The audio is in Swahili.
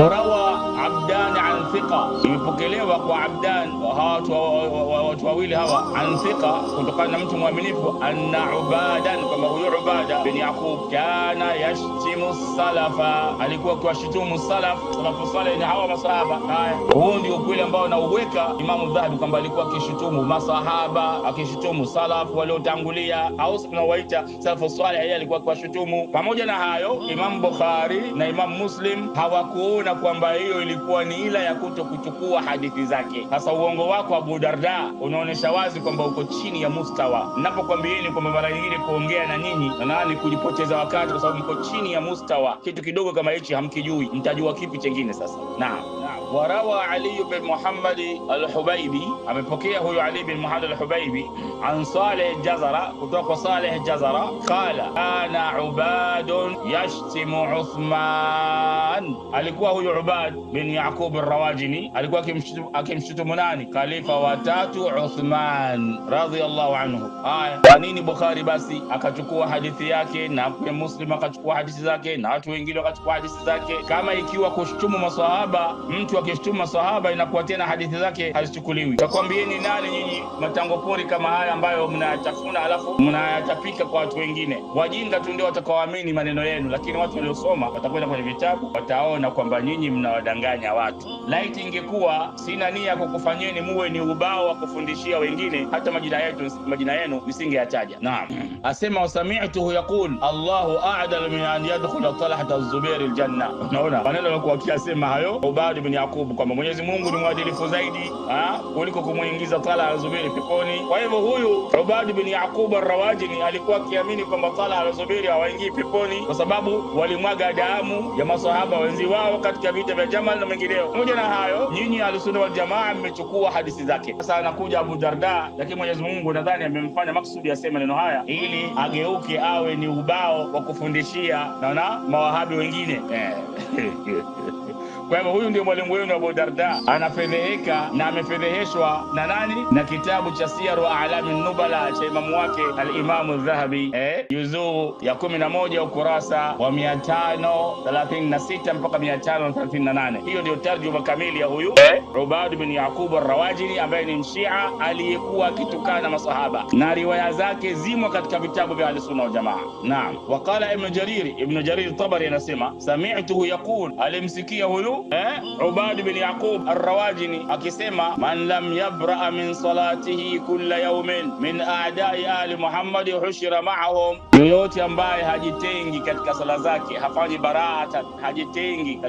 وروى عبدان عن ثقة يبكلي وقوى عبدان وهاتوا watu wawili hawa an kutokana na mtu mwaminifu, anna ubadan, kwamba huyo Ubada bin Yaqub kana yashtimu salafa, alikuwa akiwashitumu salaf salafu saleh, ni hawa masahaba. Haya, huu ndio ukweli ambao anauweka Imamu Dhahabi kwamba alikuwa akishutumu masahaba, akishutumu salaf waliotangulia, au tunawaita salafu saleh, yeye alikuwa akiwashutumu. Pamoja na hayo, Imamu Bukhari na Imamu Muslim hawakuona kwamba hiyo ilikuwa ni ila ya kuto kuchukua hadithi zake. Sasa uongo wako Abu Darda unaonyesha wazi kwamba uko chini ya mustawa. Napokwambieni kwamba mara nyingine kuongea na nyinyi nanani kujipoteza wakati, kwa sababu mko chini ya mustawa. Kitu kidogo kama hichi hamkijui, mtajua kipi chengine? Sasa na Warawa Ali bin Muhammad Alhubaibi, amepokea huyu Ali bin Muhammad Alhubaibi an Saleh Jazara, kutoka kwa Saleh Jazara qala ana ubadun yashtimu Uthman, alikuwa huyu Ubad bin Yaqub al-Rawajini alikuwa akimshutumu nani, khalifa watatu Uthman radhiallahu anhu. Haya, kwa nini Bukhari basi akachukua hadithi yake na Muslim akachukua hadithi zake na watu wengine wakachukua hadithi zake? Kama ikiwa kushtumu maswahaba, mtu akishtumu maswahaba inakuwa tena hadithi zake hazichukuliwi. Takwambieni nani nyinyi matango pori kama haya ambayo mnayatafuna alafu mnayatapika kwa watu wengine? Wajinga tu ndio watakaoamini maneno yenu, lakini watu waliosoma watakwenda kwenye vitabu, wataona kwamba nyinyi mnawadanganya watu. Laiti ingekuwa sina nia kukufanyeni muwe ni ubao wa kufu kufundishia wengine hata majina yetu majina yenu msingeyataja. Naam, asema wasami'tuhu yaqul Allahu a'dal min an yadkhula Talha az-zubair al-janna. Unaona maneno yalikuwa akisema hayo Ubad ibn Yaqub kwamba Mwenyezi Mungu ni mwadilifu zaidi ah, kuliko kumuingiza Talha az-Zubair peponi. Kwa hivyo huyu Ubad ibn Yaqub ar-Rawajini alikuwa akiamini kwamba Talha az-Zubair hawaingii peponi kwa sababu walimwaga damu ya maswahaba wenzi wao katika vita vya Jamal na mengineo. Pamoja na hayo, nyinyi Ahlusunna wal Jamaa mmechukua hadithi zake. Sasa anakuja alikuja Abu Darda, lakini Mwenyezi Mungu nadhani amemfanya maksudi aseme neno haya ili ageuke awe ni ubao wa kufundishia naona mawahabi wengine Kwa hivyo huyu ndio mwalimu wenu Abu Darda, anafedheheka na amefedheheshwa na nani? Na kitabu cha Siyaru Aalami Nubala cha imamu wake Alimamu Dhahabi, eh, juzuu ya 11 ukurasa wa 536 mpaka 538. Hiyo ndio tarjuma kamili ya huyu eh, Ubad bin Yaqub Arrawajini ambaye ni mshia mubtadi'a aliyekuwa akitukana masahaba, na riwaya zake zimo katika vitabu vya Ahlusunna Waljamaa. Naam, waqala Ibnu Jariri, Ibnu Jariri Tabari anasema sami'tuhu yaqul, alimsikia huyu eh, Ubad bin Yaqub Arrawajini akisema man lam yabraa min salatihi kulla yawmin min a'dai ali Muhammad hushira ma'ahum, yoyote ambaye hajitengi katika sala zake, hafanyi baraatan, hajitengi katika